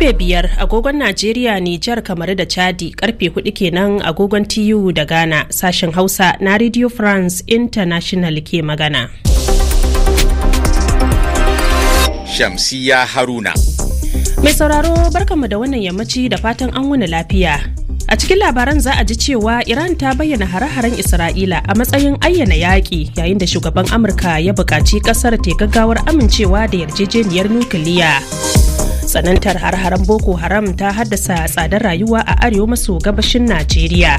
karfe biyar agogon najeriya nijar kamar da chadi karfe hudu kenan agogon tu da ghana sashen hausa na radio france international ke magana shamsiya haruna mai sauraro barkanmu da wannan yammaci da fatan an wuni lafiya A cikin labaran za a ji cewa Iran ta bayyana hare-haren Isra'ila a matsayin ayyana yaƙi yayin da shugaban Amurka ya buƙaci ƙasar ta gaggawar amincewa da yarjejeniyar nukiliya. tsanantar har-haren boko haram ta haddasa tsadar rayuwa a arewa maso gabashin najeriya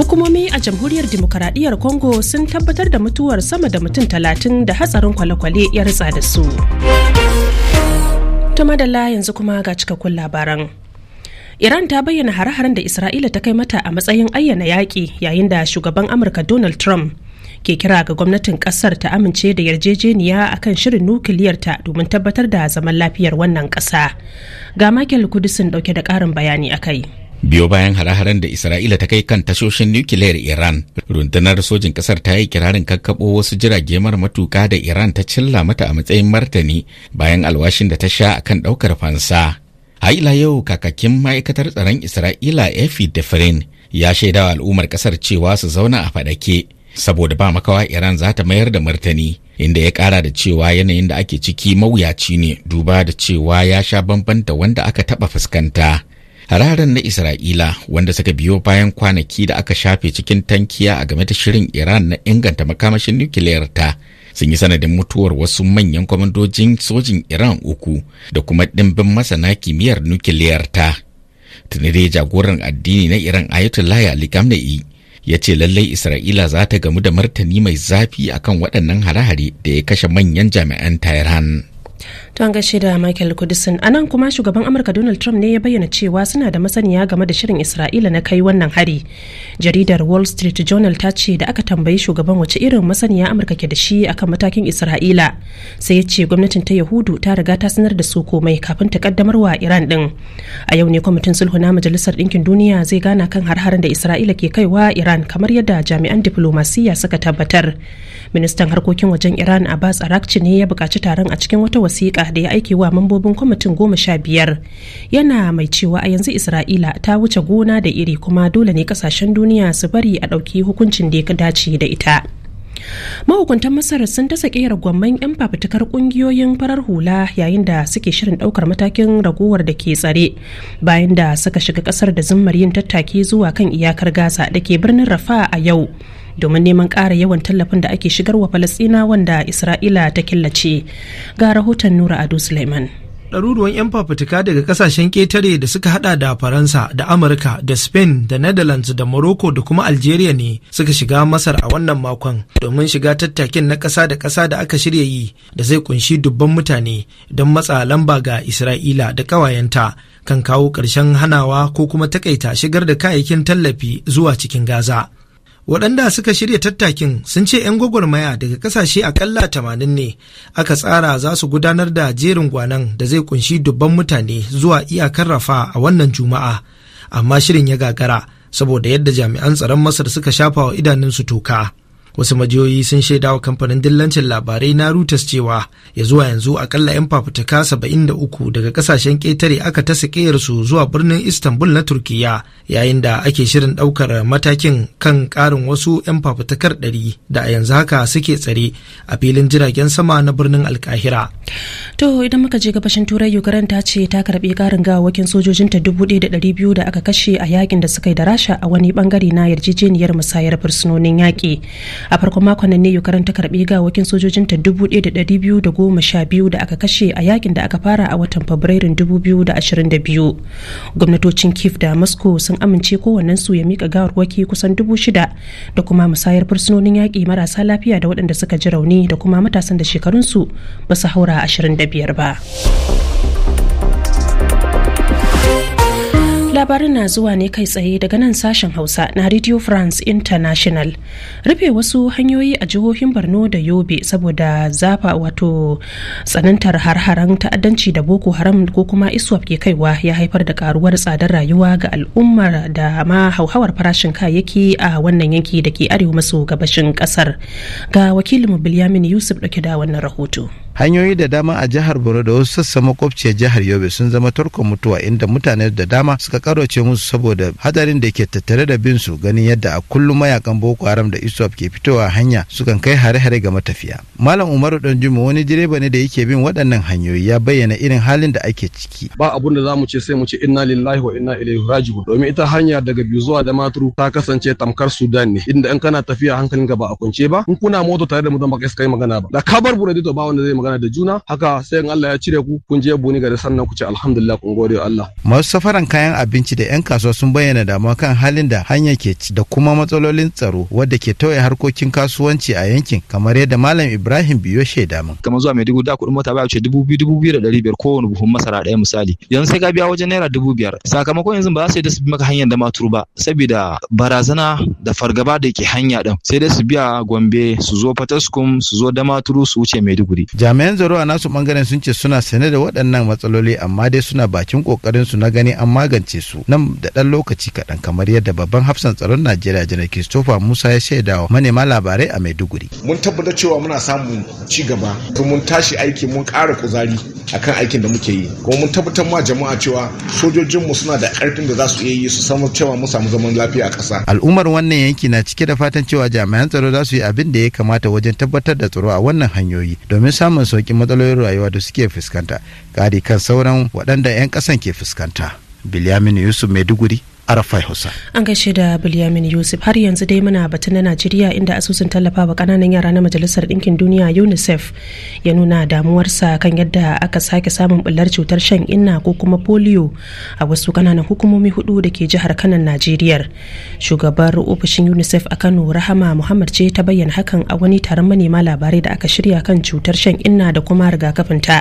hukumomi a jamhuriyar demokaradiyyar congo sun tabbatar da mutuwar sama da mutum talatin da hatsarin kwale-kwale ya ritsa da su madalla yanzu kuma ga cikakkun labaran Iran ta bayyana hare-haren da Isra'ila ta kai mata a matsayin ayyana yaƙi yayin da shugaban Amurka Donald Trump ke kira ga gwamnatin kasar ta amince da yarjejeniya a kan shirin nukiliyarta domin tabbatar da zaman lafiyar wannan kasa ga michael kudisin dauke da karin bayani a kai. biyo bayan hare-haren da isra'ila ta kai kan tashoshin nukiliyar iran rundunar sojin kasar ta yi kirarin kakkaɓo wasu jirage mara matuka da iran ta cilla mata a matsayin martani bayan alwashin da ta sha akan ɗaukar fansa haila yau kakakin ma'aikatar tsaron isra'ila efi defrin ya shaidawa al'ummar kasar cewa su zauna a faɗake saboda ba makawa iran za ta mayar da martani inda ya kara da cewa yanayin da ake ciki mawuyaci ne duba da cewa ya sha bamban da wanda aka taba fuskanta hararen na isra'ila wanda suka biyo bayan kwanaki da aka shafe cikin tankiya a game da shirin iran na inganta makamashin nukiliyarta. sun yi sanadin mutuwar wasu manyan kwamandojin sojin iran uku da kuma ɗimbin masana kimiyyar nukiliyarta. ta tuni dai jagoran addini na iran ayatollah ali khamenei ya ce lallai isra'ila za ta gamu da martani mai zafi akan waɗannan hare-hare da ya kashe manyan jami'an tehran Don gaishe da Michael Kudisin a nan kuma shugaban Amurka Donald Trump ne ya bayyana cewa suna da masaniya game da shirin Isra'ila na kai wannan hari. Jaridar Wall Street Journal ta ce da aka tambayi shugaban wace irin masaniya Amurka ke da shi akan matakin Isra'ila. Sai ya ce gwamnatin ta Yahudu ta riga ta sanar da su komai kafin ta kaddamar wa Iran din. A yau ne kwamitin sulhu na Majalisar dinkin Duniya zai gana kan har harin da Isra'ila ke kaiwa Iran kamar yadda jami'an diplomasiya suka tabbatar. ministan harkokin wajen iran abbas arakci ne ya bukaci taron a cikin wata wasiƙa da ya aiki wa mambobin kwamitin goma sha biyar yana mai cewa a yanzu isra'ila ta wuce gona da iri kuma dole ne ƙasashen duniya su bari a ɗauki hukuncin da ya dace da ita mahukuntan masar sun dasa ƙera gwamman 'yan fafutukar ƙungiyoyin farar hula yayin da suke shirin ɗaukar matakin ragowar da ke tsare bayan da suka shiga ƙasar da zimmar yin tattaki zuwa kan iyakar gaza da ke birnin rafa a yau domin neman ƙara yawan tallafin da ake shigar wa falasina wanda isra'ila ta killace ga rahoton nura ado suleiman ɗaruruwan 'yan fafutuka daga kasashen ƙetare da suka hada da faransa da amurka da spain da netherlands da morocco da kuma algeria ne suka shiga masar a wannan makon domin shiga tattakin na ƙasa da ƙasa da aka shirya yi da zai kunshi dubban mutane don matsa lamba ga isra'ila da ƙawayenta kan kawo ƙarshen hanawa ko kuma takaita shigar da kayayyakin tallafi zuwa cikin gaza waɗanda suka shirya tattakin sun ce 'yan gwagwarmaya daga ƙasashe akalla tamanin ne aka tsara za su gudanar da jerin gwanan da zai kunshi dubban mutane zuwa iyakar rafa a wannan juma'a amma shirin ya gagara saboda yadda jami'an tsaron masar suka shafa wa idanunsu toka wasu majiyoyi sun shaida wa kamfanin dillancin labarai na rutas cewa ya zuwa yanzu akalla 'yan fafutuka 73 daga kasashen ƙetare aka ta su zuwa birnin Istanbul na Turkiyya yayin da ake shirin ɗaukar matakin kan ƙarin wasu 'yan fafutukar 100 da a yanzu haka suke tsare a filin jiragen sama na birnin Alkahira. To idan muka je gabashin Turai Ukraine ta ce ta karɓi ƙarin gawakin sojojinta 1,200 da aka kashe a yakin da suka yi da Rasha a wani bangare na yarjejeniyar musayar fursunonin yaki. a farkon makon nan ne ukraine ta karbi gawakin sojojin ta 1212 da aka kashe a yakin da aka fara a watan fabrairun 2022 gwamnatocin kiev da moscow sun amince kowannen su ya mika gawarwaki kusan 6000 da kuma musayar fursunonin yaki marasa lafiya da waɗanda suka ji rauni da kuma matasan da shekarunsu ba su haura 25 ba. labarin na zuwa ne kai tsaye daga nan sashen hausa na radio france international rufe wasu hanyoyi a jihohin borno da yobe saboda zafa wato tsanantar har-haren ta'addanci da boko haram ko kuma iswap ke kaiwa ya haifar da karuwar tsadar rayuwa ga al'ummar da ma hauhawar farashin kayayyaki a wannan yanki da ke arewa maso gabashin kasar ga wakilin bilyamin yusuf dauke da wannan rahoto hanyoyi da dama a jihar borno da wasu sassa makwabciyar jihar yobe sun zama tarkon mutuwa inda mutane da dama suka karoce musu saboda hadarin da ke tattare da bin su ganin yadda a kullum mayakan boko haram da isuwa ke fitowa hanya sukan kai hare-hare ga matafiya malam umaru danjuma wani direba ne da yake bin waɗannan hanyoyi ya bayyana irin halin da ake ciki ba abun da zamu ce sai mu ce inna lillahi wa inna ilaihi raji'un domin ita hanya daga biyu zuwa damaturu ta kasance tamkar sudan ne inda in kana tafiya hankalinka ka ba a kunce ba in kuna moto tare da mu zan kai magana ba da kabar buredi to ba wanda zai magana da juna haka sai in Allah ya cire ku kun je buni gari sannan ku ce alhamdulillah kun gode Allah masu safaran kayan abinci da yan kasuwa sun bayyana damuwa kan halin da hanya ke da kuma matsalolin tsaro wadda ke tauye harkokin kasuwanci a yankin kamar yadda malam Ibrahim Biyo shaida min kamar zuwa Maiduguri da kuɗin mota baya wuce dubu biyu dubu biyu da ɗari biyar kowane buhun masara ɗaya misali yanzu sai ka biya wajen naira dubu biyar sakamakon yanzu ba za su yi da su bi maka hanyar da maturu ba saboda barazana da fargaba da ke hanya ɗin sai dai su biya Gombe su zo Fataskum su zo Damaturu su wuce Maiduguri jami'an tsaro a nasu bangaren sun ce suna sane da waɗannan matsaloli amma dai suna bakin kokarin su na gani an magance su nan da ɗan lokaci kaɗan kamar yadda babban hafsan tsaron najeriya janar christopher musa ya shaida wa manema labarai a maiduguri mun tabbatar cewa muna samun ci gaba kuma mun tashi aiki mun ƙara kuzari akan aikin da muke yi kuma mun tabbatar ma jama'a cewa sojojinmu suna da ƙarfin da za su iya yi su samu cewa mu samu zaman lafiya a ƙasa al'ummar wannan yanki na cike da fatan cewa jami'an tsaro za su yi abin da ya kamata wajen tabbatar da tsaro a wannan hanyoyi domin samun samun sauƙin matsalolin rayuwa da suke fuskanta kari kan sauran waɗanda 'yan ƙasan ke fuskanta bilyamin yusuf maiduguri arafai hausa an gaishe da bilyamin yusuf har yanzu dai muna batun na najeriya inda asusun tallafa wa kananan yara na majalisar ɗinkin duniya unicef ya nuna damuwarsa kan yadda aka sake samun bullar cutar shan inna ko kuma polio a wasu kananan hukumomi hudu da ke jihar kanan najeriya shugabar ofishin unicef a kano rahama muhammad ce ta bayyana hakan a wani taron manema labarai da aka shirya kan cutar shan inna da kuma rigakafinta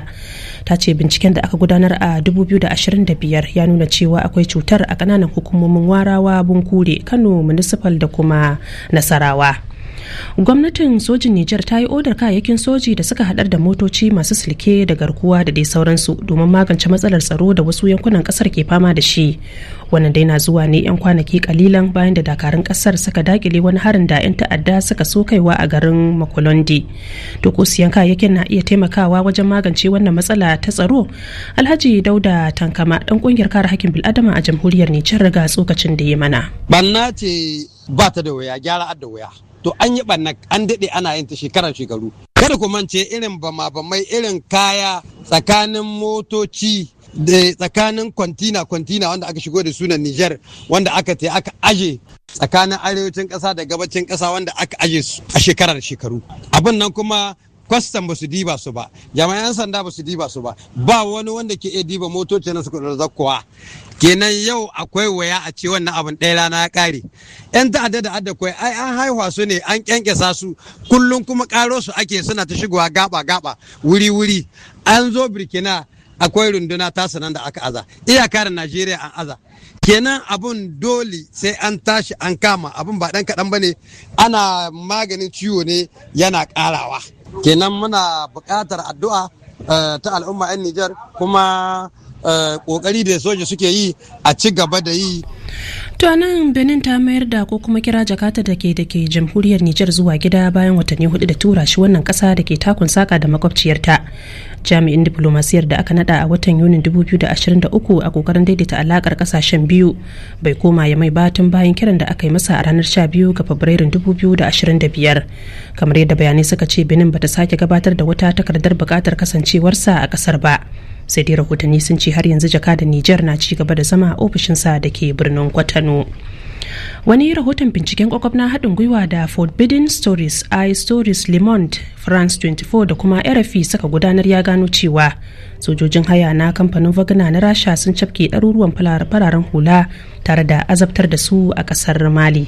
ta ce binciken da aka gudanar a 2025 ya nuna cewa akwai cutar a kananan hukumomi hukumomin warawa bunkure kano municipal da kuma nasarawa gwamnatin sojin nijar ta yi odar kayayyakin soji da suka hadar da motoci masu silke da garkuwa da dai sauransu domin magance matsalar tsaro da wasu yankunan kasar ke fama da shi wannan dai na zuwa ne yan kwanaki kalilan bayan da dakarun kasar suka dakile wani harin da yan ta'adda suka so kaiwa a garin makolondi to ko siyan kayayyakin na iya taimakawa wajen magance wannan matsala ta tsaro alhaji dauda tankama dan kungiyar kare hakkin bil'adama a jamhuriyar nijar ga tsokacin da ya mana banna ba ta da wuya gyara da wuya to an yi ɓanna an daɗe ana yin ta shekara shekaru kada ku mance irin bama bamai irin kaya tsakanin motoci da tsakanin kwantina kwantina wanda aka shigo da sunan Nijar wanda aka te aka aje tsakanin arewacin ƙasa da gabacin ƙasa wanda aka aje a shekarar shekaru abin nan kuma kwastan ba su diba su ba jami'an sanda ba su diba su ba ba wani wanda ke iya diba motoci na su zakkowa kenan yau akwai waya a ce wannan abin ɗaya rana ya ƙare yan ta'adda da adda kwai ai an haihuwa su ne an kyankyasa su kullum kuma ƙaro su ake suna ta shigowa gaba gaba wuri wuri an zo birkina akwai runduna ta sanan da aka aza iyaka da najeriya an aza kenan abun dole sai an tashi an kama abun ba dan kaɗan bane ana maganin ciwo ne yana ƙarawa kenan muna bukatar addu'a eh, ta al'umma 'yan nijar kuma Eh, kokari da soja suke yi a ci gaba da yi to nan benin ta mayar da ko kuma kira jakata da ke da ke jamhuriyar nijar zuwa gida bayan watanni hudu da tura shi wannan kasa da ke takun saka da makwabciyarta jami'in diplomasiyar da aka nada a watan yunin 2023 a kokarin daidaita alakar kasashen biyu bai koma ya mai batun bayan kiran da aka yi masa a ranar 12 ga fabrairun 2025 kamar yadda bayanai suka ce benin bata sake gabatar da wata takardar bukatar kasancewarsa a kasar ba sai dai rahotanni sun ce har yanzu jaka da nijar na ci gaba da zama a sa da ke birnin kwatano wani rahoton binciken kwakwab na haɗin gwiwa da forbidden stories i stories monde france 24 da kuma rfi saka gudanar ya gano cewa sojojin haya na kamfanin wagner na rasha sun cafke ɗaruruwan fararen hula tare da azabtar da su a ƙasar mali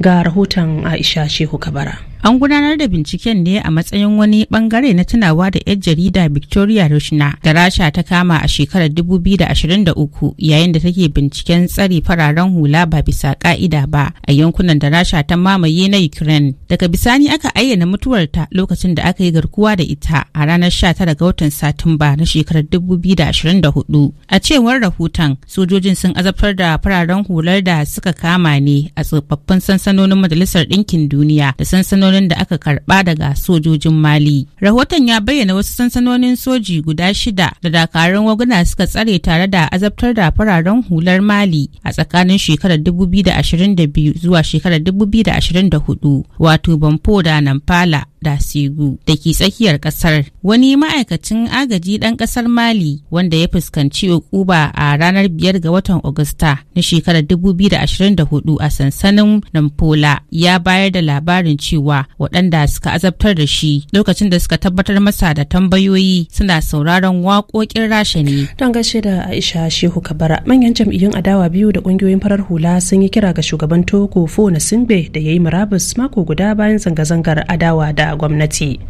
ga rahoton aisha shehu kabara An gudanar da binciken ne a matsayin wani bangare na tunawa da 'yar jarida Victoria Rushna da Rasha ta kama a shekarar 2023 yayin da take binciken tsari fararen hula ba bisa ka'ida ba a yankunan da Rasha ta mamaye na Ukraine. Daga bisani aka ayyana mutuwarta lokacin da aka yi garkuwa da ita a ranar 19 ga watan Satumba na shekarar 2024. A cewar rahoton, sojojin sun azabtar da fararen hular da suka kama ne a tsofaffin sansanonin Majalisar Ɗinkin Duniya da sansanonin sansanonin da aka karba daga sojojin Mali. Rahoton ya bayyana wasu sansanonin soji guda shida da dakarun waguna suka tsare tare da azabtar da fararen hular Mali a tsakanin shekarar 2022 zuwa shekarar 2024 wato Bamfo da Nampala Dasigu da ke tsakiyar kasar. Wani ma'aikacin agaji ɗan kasar Mali wanda ya fuskanci ukuba a ranar biyar ga watan Agusta na shekarar 2024 a sansanin Nampula ya bayar da labarin cewa waɗanda suka azabtar da shi lokacin da suka tabbatar masa da tambayoyi suna sauraron waƙoƙin rasha ne. Don gaishe da Aisha Shehu Kabara manyan jam'iyyun adawa biyu da ƙungiyoyin farar hula sun yi kira ga shugaban Togo Fona Singbe da ya yi murabus mako guda bayan zanga-zangar adawa da a gwamnati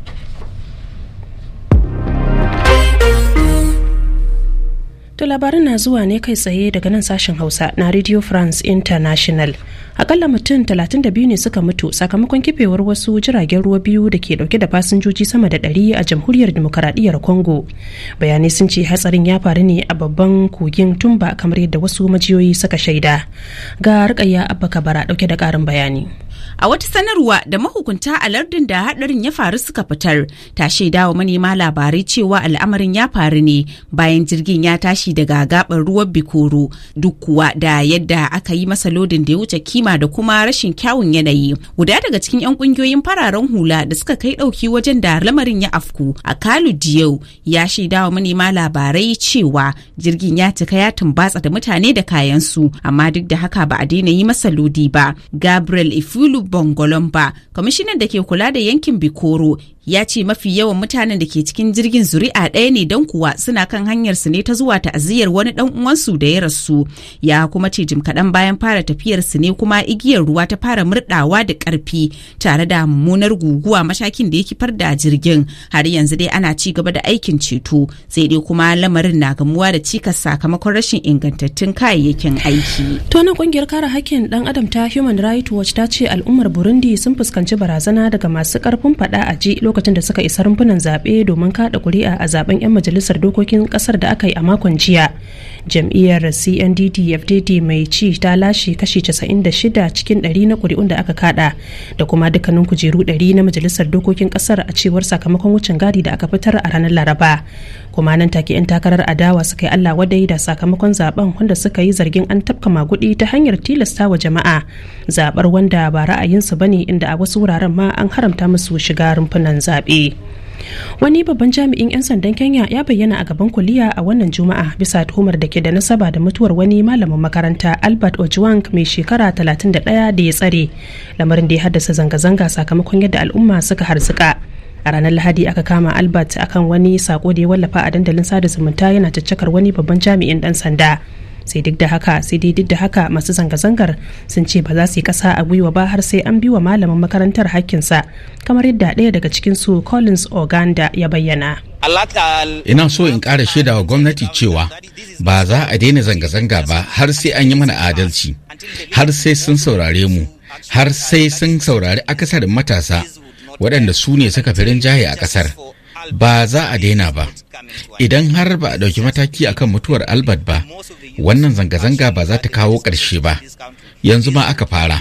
To labarin na zuwa ne kai tsaye daga nan sashen Hausa na Radio France International. Akalla mutum 32 ne suka mutu sakamakon kifewar wasu jiragen ruwa biyu da ke dauke da fasinjoji sama da 100 a jamhuriyar demokaradiyyar Congo. Bayanai sun ce hatsarin ya faru ne a babban kogin Tumba kamar yadda wasu majiyoyi suka shaida. Ga Rukayya Abba Kabara dauke da ƙarin bayani. A wata sanarwa da mahukunta a lardin da hadarin ya faru suka fitar, ta shaidawa manema labarai cewa al'amarin ya faru ne bayan jirgin ya tashi daga gaɓar ruwan Bikoro duk kuwa da yadda aka yi masa lodin da ya wuce kima da kuma rashin kyawun yanayi. Guda daga cikin 'yan kungiyoyin fararen hula da suka kai ɗauki wajen da lamarin ya afku a Kalu Diyau ya shaidawa manema labarai cewa jirgin ya cika ya tumbatsa da mutane da kayansu amma duk da haka ba a daina yi masa lodi ba. Gabriel Ifu Lulu Bongolomba, kwamishinan da ke kula da yankin Bikoro ya ce mafi yawan mutanen da ke cikin jirgin zuri'a ɗaya ne don kuwa suna kan hanyar su ne ta zuwa ta'aziyyar wani dan uwansu da ya rasu ya kuma ce jim kaɗan bayan fara tafiyar su ne kuma igiyar ruwa ta fara murɗawa da ƙarfi tare da mummunar guguwa mashakin da ya kifar da jirgin har yanzu dai ana ci gaba da aikin ceto sai dai kuma lamarin na gamuwa da cikas sakamakon rashin ingantattun kayayyakin aiki. to na kungiyar kare hakkin dan adam ta human rights watch ta ce al'ummar burundi sun fuskanci barazana daga masu karfin faɗa a ji lokacin da suka isa rumfunan zaɓe domin kaɗa kuri'a a zaben 'yan majalisar dokokin ƙasar da aka yi a makon jiya jam'iyyar cndd fdd mai ci ta lashe kashi 96 cikin 100 na kuri'un da aka kaɗa da kuma dukkanin kujeru 100 na majalisar dokokin ƙasar a cewar sakamakon wucin gadi da aka fitar a ranar laraba kuma nan take 'yan takarar adawa suka yi allah wadai da sakamakon zaben wanda suka yi zargin an tafka magudi ta hanyar tilasta wa jama'a zabar wanda ba ra'ayinsu ba ne inda a wasu wuraren ma an haramta musu shiga rumfunan zaɓe. wani babban jami'in 'yan sandan kenya ya bayyana a gaban kuliya a wannan juma'a bisa tuhumar da ke da nasaba da mutuwar wani malamin makaranta albert ojwang mai shekara 31 da ya tsare lamarin da ya haddasa zanga-zanga sakamakon yadda al'umma suka harzuka a ranar lahadi aka kama albert akan wani sako da ya wallafa a dandalin sada zumunta yana caccakar wani babban jami'in dan sanda sai duk da haka sai dai duk da haka masu zanga-zangar sun ce ba za su yi kasa a gwiwa ba har sai an bi wa malamin makarantar hakkinsa kamar yadda ɗaya daga cikinsu collins oganda ya bayyana ina so in kara shaida wa gwamnati cewa ba za a daina zanga-zanga ba har sai an yi mana adalci har sai sun saurare mu har sai sun saurari akasarin matasa waɗanda su ne suka fi rinjaye a ƙasar ba za a daina ba idan har ba a ɗauki mataki akan mutuwar albert ba wannan zanga-zanga ba za ta kawo ƙarshe ba yanzu ma aka fara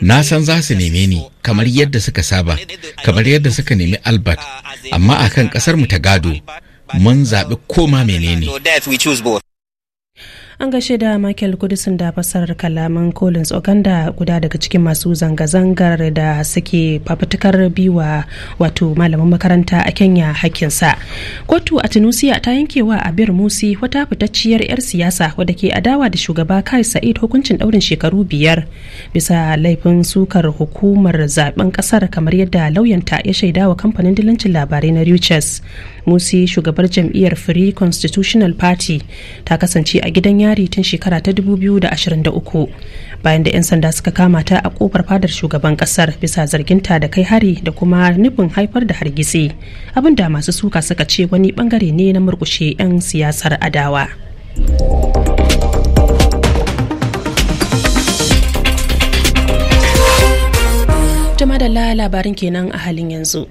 na san za su neme ni kamar yadda suka saba kamar yadda suka nemi albert amma akan ƙasar mu ta gado mun zaɓi koma menene an gaishe da michael gudisun da fasarar kalaman collins oganda guda daga cikin masu zanga-zangar da suke fafutukar biwa wato malamin makaranta a kenya hakinsa. kotu a tunisia ta yankewa abir musi wata fitacciyar 'yar siyasa wadda ke adawa da shugaba kai sa'id hukuncin daurin shekaru biyar bisa laifin sukar hukumar zaben kasar kamar yadda lauyanta ya shaida wa kamfanin dilancin labarai na reuters musi shugabar jam'iyyar free constitutional party ta kasance a gidan yari Buhari tun shekara ta 2023 bayan da 'yan sanda suka kama ta a kofar fadar shugaban kasar bisa zarginta da kai hari da kuma nufin haifar da hargitsi abinda masu suka suka ce wani bangare ne na murkushe 'yan siyasar adawa. Jama'a da labarin kenan a halin yanzu.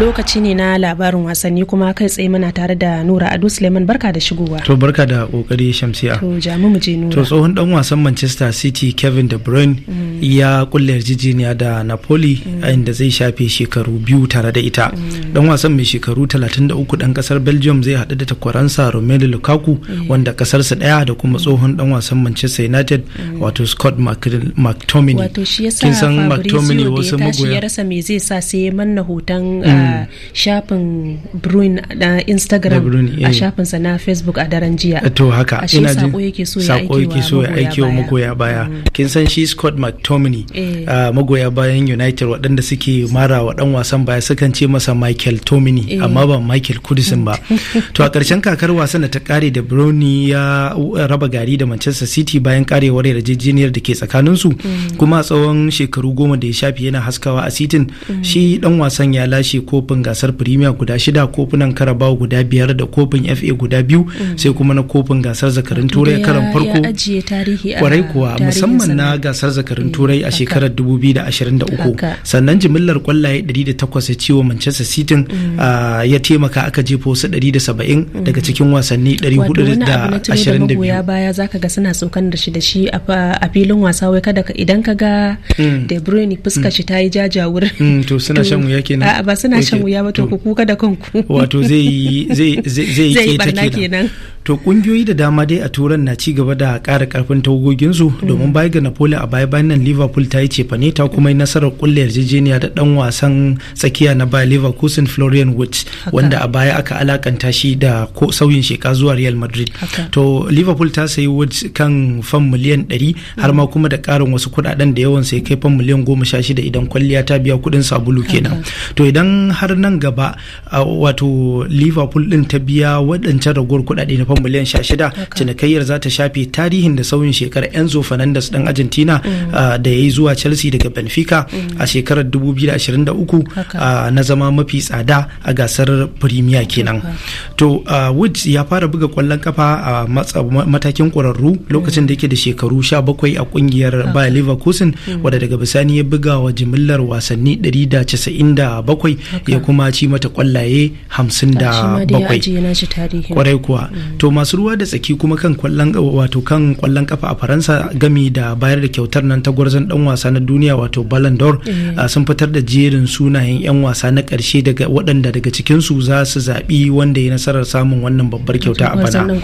lokaci ne na labarin wasanni kuma kai tsaye mana tare da nura adu suleiman barka da shigowa to barka da kokari shamsiya to jami mu je nura to tsohon dan wasan manchester city kevin de bruyne mm. ya kulle yarjejeniya da napoli mm. inda zai shafe shekaru biyu tare da ita dan mm. wasan mai shekaru 33 dan kasar belgium zai haɗu da takwaransa romelu lukaku wanda kasarsa daya da kuma tsohon dan wasan manchester united wato scott mctominay wato shi yasa da wasu tashi ya rasa me zai sa sai manna hoton ah, Hmm. shafin Bruin na Instagram a eh. shafinsa na Facebook a daren jiya. Eh, to haka ina jin sako yake so ya aiki wa magoya baya. Hmm. Kin san shi Scott McTominay eh. ah, magoya bayan United waɗanda suke mara wa ɗan wasan baya sukan ce masa Michael Tomini amma ba Michael Kudisin ba. To a ƙarshen kakar wasan da ta kare da Bruni ya raba gari da Manchester City bayan karewar yarjejeniyar da ke tsakanin su hmm. kuma tsawon shekaru goma da ya shafi yana haskawa a City shi ɗan wasan ya lashe ko kofin gasar firimiya guda shida kofunan karabawo guda biyar da kofin fa guda biyu mm. sai kuma na kofin gasar zakarin turai karan farko kwarai kuwa musamman na gasar zakarin turai a mm, shekarar 2023 sannan jimillar kwallaye 108 ya ciwo manchester city mm. ya taimaka aka jefo wasu 170 daga cikin wasanni 422 baya zaka ga suna tsokan da shi da shi a filin wasa wai kada idan ka ga de bruyne fuskar shi ta yi jajawur to suna shan wuya kenan a ba suna eh, shan wuya ba ku kuka da kanku wato zai yi zai kenan to kungiyoyi da dama dai a turan na ci gaba da ƙara karfin tagoginsu mm. domin baya ga napoli a baya bayan nan liverpool ta yi cefane ta kuma yi nasarar kulle yarjejeniya da dan wasan tsakiya na baya leverkusen florian woods wanda a baya aka alakanta shi da ko sauyin sheka zuwa real madrid to liverpool ta sayi woods kan fan miliyan ɗari har ma mm. kuma da ƙarin wasu kuɗaɗen da yawan sai kai fan miliyan shida idan kwalliya ta biya kuɗin sabulu kenan to idan har nan gaba wato liverpool din ta biya waɗancan ragowar kuɗaɗe na fan miliyan 16 cinikayyar za ta shafe tarihin da sauyin shekarar enzo Fernandes dan argentina mm. da ya yi zuwa chelsea daga benfica mm. a shekarar 2023 na zama mafi tsada a gasar premier kenan to woods ya fara buga kwallon kafa a matakin ƙwararru lokacin da mm. yake da shekaru sha 17 a ƙungiyar bayer leverkusen wadda daga bisani ya buga wa jimillar wasanni da bakwai. ya kuma ci mata kwallaye hamsin da bakwai kwarai kuwa mm. to masu ruwa da tsaki kuma kan kwallon wato kan kwallon kafa a faransa gami da bayar da kyautar nan ta gwarzon dan wasa na duniya wato ballon d'or eh. sun fitar da jerin sunayen yan wasa na karshe daga waɗanda daga cikin su za su zaɓi wanda ya nasarar samun wannan babbar kyauta a bana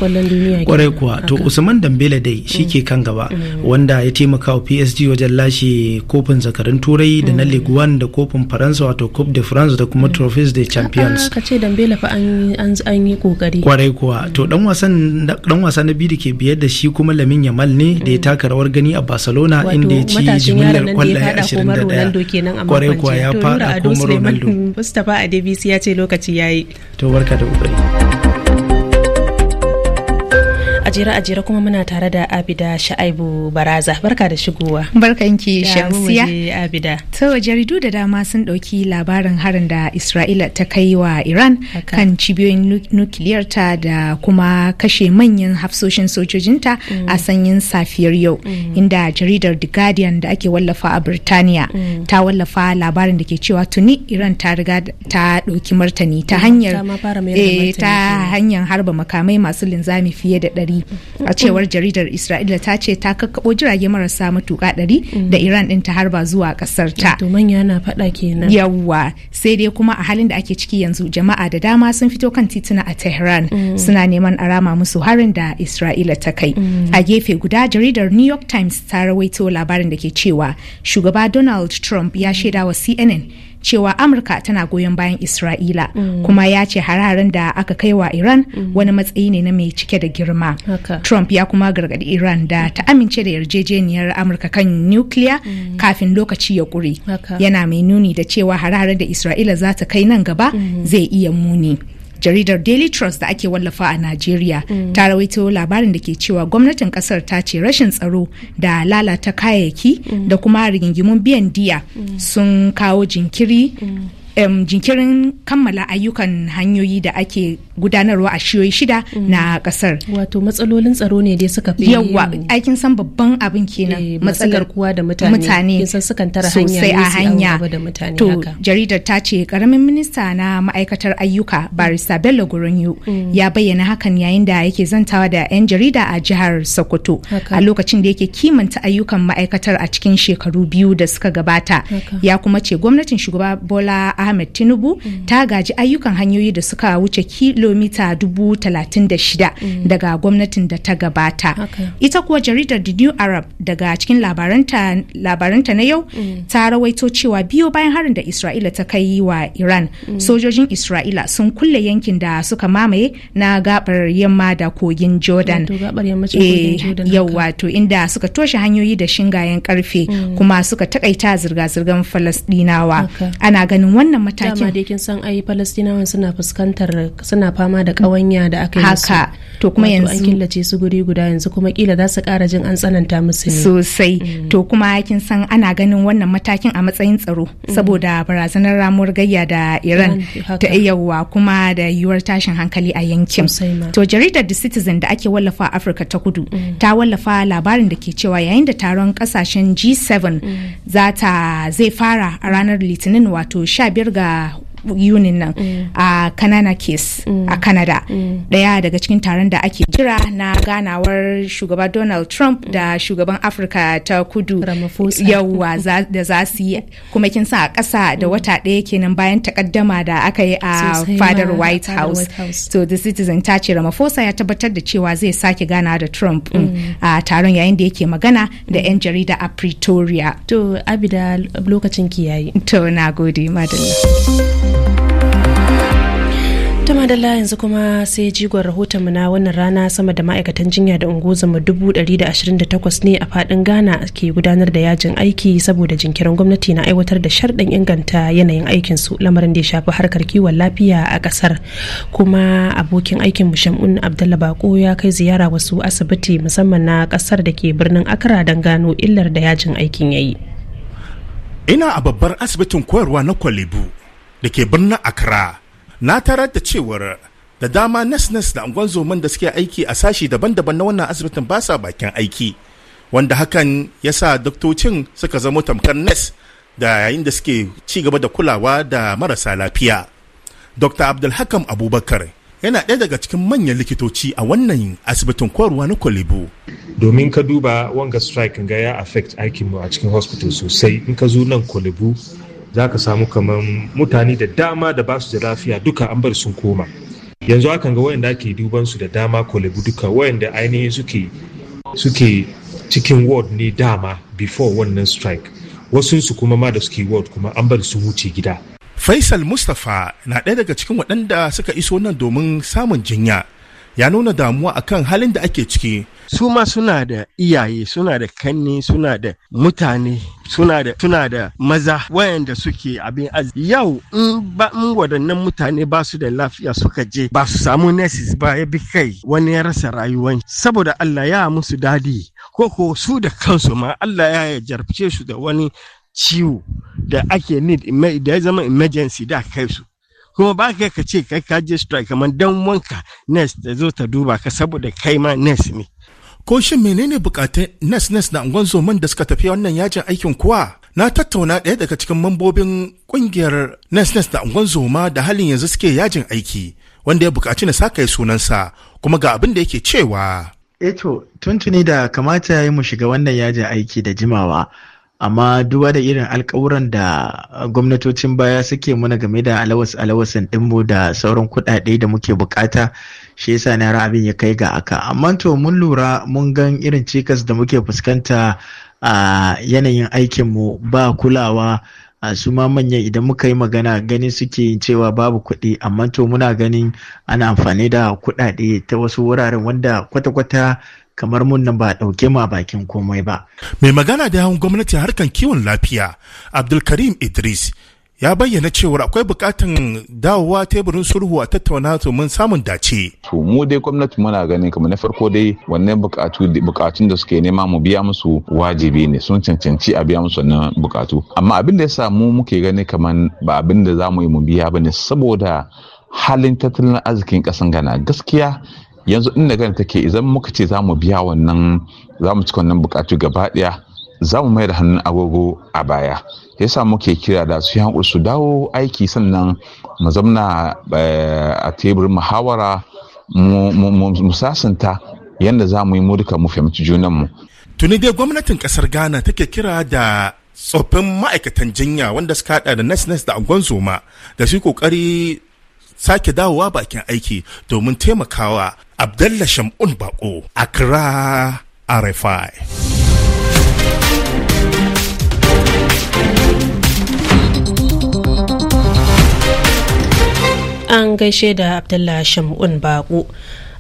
kwarai kuwa to usman dambele dai shi mm. ke kan gaba mm. wanda ya taimaka wa psg wajen lashe kofin zakarin turai da na leguan da kofin faransa wato coupe de france da kuma trophies da champions ah, ka ce dambela fa an yi kokari kwarai kuwa to dan wasan dan wasa na biyu da ke biyar da shi kuma lamin yamal ne da ya mm. taka rawar gani a barcelona inda ya ci jimillar kwallaye 21 kwarai kuwa ya fada kuma ronaldo mustapha adebisi ya ce lokaci yayi to barka da kokari ajere kuma muna tare da abida sha'aibu baraza barka da shigowa barkanki shamsiya abida to jaridu da dama sun ɗauki labarin harin da isra'ila ta kai wa iran kan cibiyoyin nukiliyarta da kuma kashe manyan hafsoshin sojojinta mm. a sanyin safiyar yau mm. inda jaridar the guardian da ake wallafa a birtaniya mm. ta wallafa labarin da ke cewa tuni iran ta riga ta ɗauki martani ta hanyar ta eh, hanyar harba makamai masu linzami fiye da ɗari a cewar jaridar isra'ila ta ce ta kakkabo jirage marasa matuƙa ɗari da iran ɗin ta harba zuwa ƙasar ta to manya na faɗa kenan yawwa sai dai kuma a halin da ake ciki yanzu jama'a da dama sun fito kan tituna a tehran mm. suna neman arama musu harin da isra'ila ta kai mm. a gefe guda jaridar new york times ta rawaito labarin da ke cewa shugaba donald trump ya shaida wa cnn cewa amurka tana goyon bayan isra'ila mm. kuma ya ce hararen da aka kai wa iran mm. wani matsayi ne na mai cike da girma trump ya kuma gargadi iran da ta amince da yarjejeniyar amurka kan nukiliya mm. kafin lokaci ya kure yana mai nuni da cewa hararen da isra'ila za ta kai nan gaba zai iya muni jaridar daily trust da ake wallafa a najeriya mm. ta rawaito labarin da ke cewa gwamnatin kasar ta ce rashin tsaro da lalata kayayyaki mm. da kuma rigingimun biyan diya sun kawo jinkiri um, jinkirin kammala ayyukan hanyoyi da ake gudanarwa a shiyoyi shida mm. na kasar wato matsalolin tsaro ne dai suka fi yawa aikin san babban abin kenan eh, matsalar kuwa da mutane sukan tara hanya a hanya to jaridar ta ce karamin minista na ma'aikatar ayyuka barista bello gurinyu mm. ya bayyana hakan yayin da yake zantawa da 'yan jarida a jihar sokoto a lokacin da yake kimanta ayyukan ma'aikatar a cikin shekaru biyu da suka gabata ya kuma ce gwamnatin shugaba bola ahmed tinubu mm. ta gaji ayyukan hanyoyi da suka wuce kilomita dubu talatin da shida mm. daga gwamnatin da ta gabata ita kuwa jaridar the new arab daga cikin labaranta na yau mm. ta rawaito cewa biyo bayan harin da isra'ila ta kai wa iran sojojin isra'ila sun kulle yankin da suka mamaye na gabar yamma da kogin jordan eh, yau wato inda suka toshe hanyoyi da shingayen karfe kuma suka takaita zirga-zirgar falasdinawa ana ganin wannan wannan matakin dama dai kin san ai falastinawan suna fuskantar suna fama da ƙawanya da aka yi haka to kuma yanzu an killace su guri guda yanzu kuma kila za su ƙara jin an tsananta musu ne sosai mm. to kuma kin san ana ganin wannan matakin a matsayin tsaro mm. saboda barazanar ramuwar gayya da Iran ta yawa kuma da yiwuwar tashin hankali a yankin to jaridar The Citizen da ake wallafa Afirka ta Kudu mm. ta wallafa labarin da ke cewa yayin da taron kasashen G7 za ta zai fara a ranar Litinin wato 15 enxergar yunin nan mm. a kanana case mm. a canada mm. daya daga cikin taron da ake jira na ganawar shugaba donald trump da shugaban afirka ta kudu yauwa da za su yi kuma kin sa a ƙasa da wata ɗaya kenan bayan takaddama da aka yi a fadar white house so the citizen ta ce ramaphosa ya tabbatar da cewa zai sake gana da trump a taron yayin da yake magana da 'yan jarida a pretoria to abida lokacin ki yayi to na gode madalla tama da yanzu kuma sai jigon rahotonmu na wannan rana sama da ma'aikatan jinya da unguzama 128 ne a fadin Ghana ke gudanar da yajin aiki saboda jinkirin gwamnati na aiwatar da sharɗin inganta yanayin aikin su lamarin da ya shafi harkar kiwon lafiya a kasar Kuma abokin aikin mu Shamun Abdullah Bako ya kai ziyara wasu asibiti musamman na kasar da ke birnin Accra don gano illar da yajin aikin yayi. Ina a babbar asibitin koyarwa na Kwalebu da ke birnin Accra na tarar da cewar da dama nas-nas da angon da suke aiki a sashi daban-daban na wannan asibitin ba sa bakin aiki wanda hakan ya sa doktocin suka zama tamkar nas da yayin da suke ci gaba da kulawa da marasa lafiya dr abdulhakam abubakar yana ɗaya daga cikin manyan likitoci a wannan asibitin Kwarwa na kwalibu domin ka duba wanga strike ga ya affect aikinmu a cikin hospital sosai in ka zo nan kwalibu za ka samu kamar mutane da dama da ba su da lafiya duka an bar sun koma yanzu akan ga wayanda ake duban su da dama kwalebu duka wayanda ainihin suke suke cikin ward ne dama before wannan strike wasu su kuma ma da suke ward kuma an bar su wuce gida Faisal Mustapha na ɗaya daga cikin waɗanda suka iso nan domin samun jinya ya nuna damuwa akan halin da ake ciki su ma suna da iyaye suna da kanni suna da mutane suna da maza wayanda suke abin az yau in ba in waɗannan mutane ba su da lafiya suka je ba su samu nurses ba ya bi kai wani ya rasa rayuwan saboda Allah ya musu dadi ko ko su da kansu ma Allah ya jarfice su da wani ciwo da ake need da ya zama emergency da kai su kuma ba ka ka ce kai ka je strike kamar dan wanka nurse ta zo ta duba ka saboda kai ma nurse ne ko shin menene bukatun nurse nurse na unguwan zoman da suka tafi wannan yajin aikin kuwa na tattauna ɗaya daga cikin mambobin ƙungiyar nurse nurse da unguwan zoma da halin yanzu suke yajin aiki wanda ya bukaci na saka sunansa kuma ga abin da yake cewa eto eh tuntuni da kamata ya yi mu shiga wannan yajin aiki da jimawa amma duba da irin alkawuran da uh, gwamnatocin baya suke muna game da alawas alawasan dinmu da sauran kuɗaɗe da muke bukata shi yasa na abin ya kai ga aka amma to mun lura mun gan irin cikas da muke fuskanta a uh, yanayin aikinmu ba kulawa a uh, su ma manyan idan muka yi magana ganin suke yin cewa babu kuɗi amma to muna ganin ana amfani da kuɗaɗe ta wasu wuraren wanda kwata-kwata kamar mun nan ba ɗauke ma bakin komai ba. Mai magana da yawon gwamnati harkan kiwon lafiya Abdulkarim Idris ya bayyana cewa akwai bukatan dawowa teburin sulhu a tattauna domin samun dace. To mu dai gwamnati muna ganin kamar na farko dai wannan bukatu bukatun da suke nema mu biya musu wajibi ne sun cancanci a biya musu wannan bukatu. Amma abin da ya mu muke gani kamar ba abin da zamu yi mu biya ba ne saboda halin tattalin arzikin kasan gana gaskiya yanzu in gani take idan muka ce za mu biya wannan za mu ci wannan bukatu gaba daya za mu mai da hannun agogo a baya yasa muke kira da su hankuri su dawo aiki sannan mu zamna eh, a teburin muhawara mu sasanta yadda za mu yi mu duka mu fahimci junanmu. tuni dai gwamnatin kasar ghana take kira da tsoffin ma'aikatan jinya wanda suka hada da nas nas da angon zoma da su kokari sake dawowa bakin aiki domin taimakawa Abdallah Shamun Bako, kira RFI. an gaishe da abdullahi shamun bako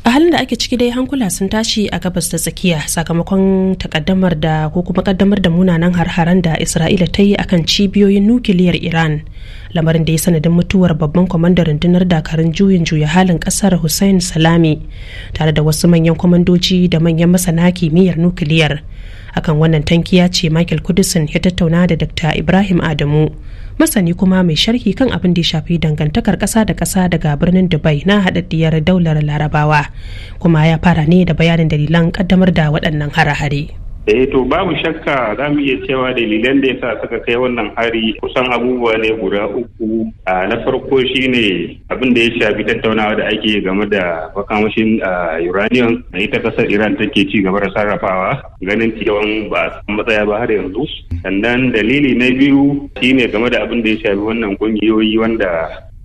a halin da ake ciki dai hankula sun tashi a gabas da tsakiya sakamakon takaddamar da ko kuma kaddamar da munanan har-haren da isra'ila ta yi akan cibiyoyin nukiliyar iran lamarin da ya sanadin mutuwar babban kwamandar rundunar dakarun juyin juya halin kasar hussein salami tare da wasu manyan kwamandoji da manyan masana kimiyyar nukiliyar akan wannan tankiya ce michael kudisin ya tattauna da dr ibrahim adamu masani kuma mai sharhi kan abin da ya shafi dangantakar ƙasa da ƙasa daga birnin dubai na haɗaɗɗiyar daular larabawa kuma ya fara ne da bayanin dalilan ƙaddamar da waɗannan hare-hare. eh to babu shakka za mu iya cewa dalilan da ya yasa suka kai wannan hari kusan abubuwa ne guda uku na farko shine abin da ya shafi tattaunawa da ake game da makamashin uranium na ita kasar iran take ci gaba da sarrafawa ganin cewan ba a matsaya ba har yanzu sannan dalili na biyu shine game da abin da ya shafi wannan kungiyoyi wanda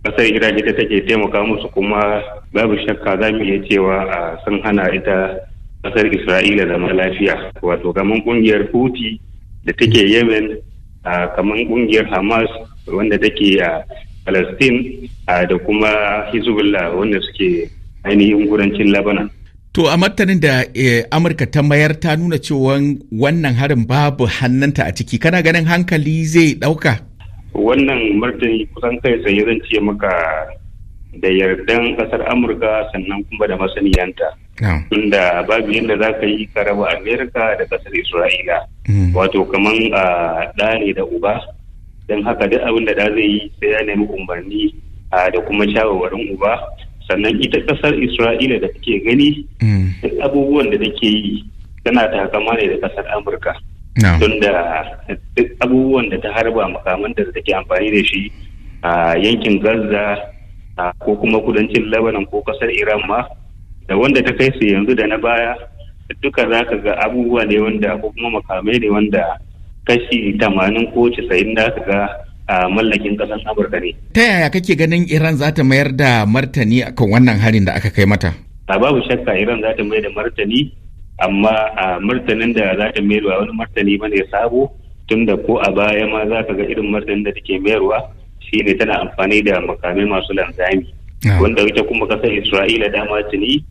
kasar iran ita take taimaka musu kuma babu shakka za mu iya cewa sun hana ita kasar isra'ila zama lafiya wato kamar kungiyar Houthi da take yemen kamar kungiyar hamas wanda take a palestine da kuma hezbollah wanda suke ainihin kudancin labanan To a martanin da eh, Amurka ta mayar ta nuna cewa wannan harin babu hannunta a ciki kana ganin hankali zai ɗauka? Wannan martani kusan kai sai zan ce maka da yardan ƙasar Amurka sannan kuma da masaniyanta. tunda babu yadda za ka yi ka raba amerika da kasar isra'ila mm. wato kaman a ɗa ne da uba don haka duk abin da da zai yi sai ya nemi umarni da kuma shawarwarin uba sannan ita kasar isra'ila da take gani mm. duk abubuwan da take yi tana takama ne da kasar amurka tunda duk abubuwan da ta harba makaman da take amfani da shi a yankin gaza ko kuma kudancin lebanon ko kasar iran ma da wanda ta kai su yanzu da na baya duka za ka ga abubuwa ne wanda ko kuma makamai ne wanda kashi tamanin ko casa'in da ka ga a mallakin ƙasar amurka ne. ta yaya kake ganin iran za ta mayar da martani kan wannan harin da aka kai mata. a babu shakka iran za ta mayar da martani amma a martanin da za ta mayarwa wani martani ba ne sabo tunda ko a baya ma za ka ga irin martanin da take mayarwa shine tana amfani da makamai masu lanzami ah. wanda ita kuma kasar isra'ila dama tuni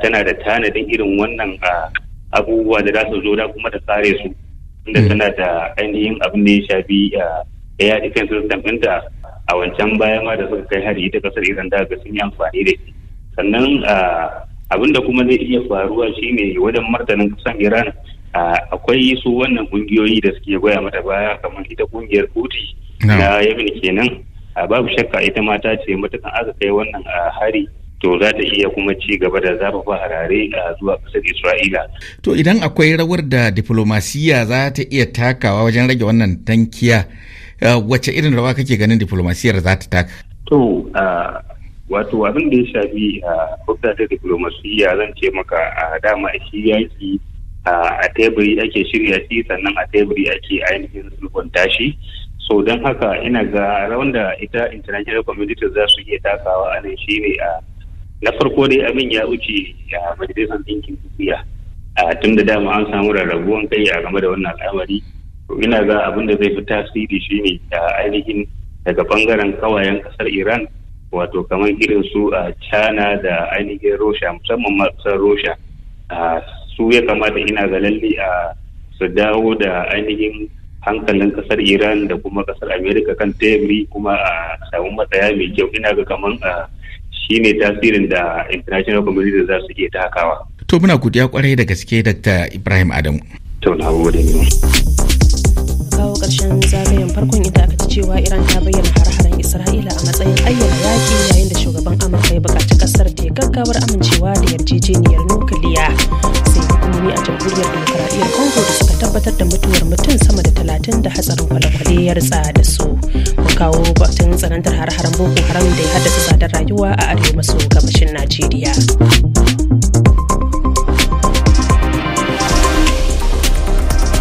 tana da tanadin irin wannan abubuwa da za su zo da kuma ta tsare su inda hmm. tana da ainihin abin da ya shafi air defense system ɗinta a wancan baya ma da suka kai hari ita kasar iran da ga sun yi amfani da shi sannan abin da kuma zai iya faruwa shine wajen martanin kusan iran akwai su wannan kungiyoyi da suke goya mata baya kamar ita kungiyar kuti na yamin kenan babu shakka ita mata ce matukan aka kai wannan hari to za ta iya kuma ci gaba da zafafa harare a zuwa ƙasar isra'ila to idan akwai rawar da diplomasiya za ta iya takawa wajen rage wannan tankiya eh, wacce irin rawa kake ganin diplomasiyar za ta taka to wato abin da ya shafi a hudda ta diplomasiya zan ce maka a dama shi yaki a teburi ake shirya shi sannan a teburi ake ainihin sulhunta shi so don haka ina ga rawan da ita international community za su iya takawa a nan shine a na farko dai abin ya wuce a majalisar ɗinkin duniya a tun da dama an samu rarrabuwan kai a game da wannan al'amari to ina ga abin da zai fi tasiri shine a ainihin daga bangaren kawayen kasar iran wato kamar irin su a china da ainihin rosha musamman masar rosha su ya kamata ina ga lalle a su dawo da ainihin hankalin kasar iran da kuma kasar america kan teburi kuma a samu matsaya mai kyau ina ga kamar a shine tasirin da international community za su iya takawa. To muna godiya kwarai da gaske Dr. Ibrahim Adamu. To na gode ne. kawo ƙarshen zagayen farkon ita aka ci cewa Iran ta bayyana har-haren Isra'ila a matsayin ayyana yaƙi yayin da shugaban Amurka ya buƙaci ƙasar ta gaggawar amincewa da yarjejeniyar nukiliya. Sai hukumomi a jamhuriyar demokaradiyyar Congo da suka tabbatar da mutuwar mutum sama da talatin da hatsarin kwale-kwale ya da su. kawo batun tsanantar har-haren boko haram da ya haddasa tsadar rayuwa a arewa maso gabashin najeriya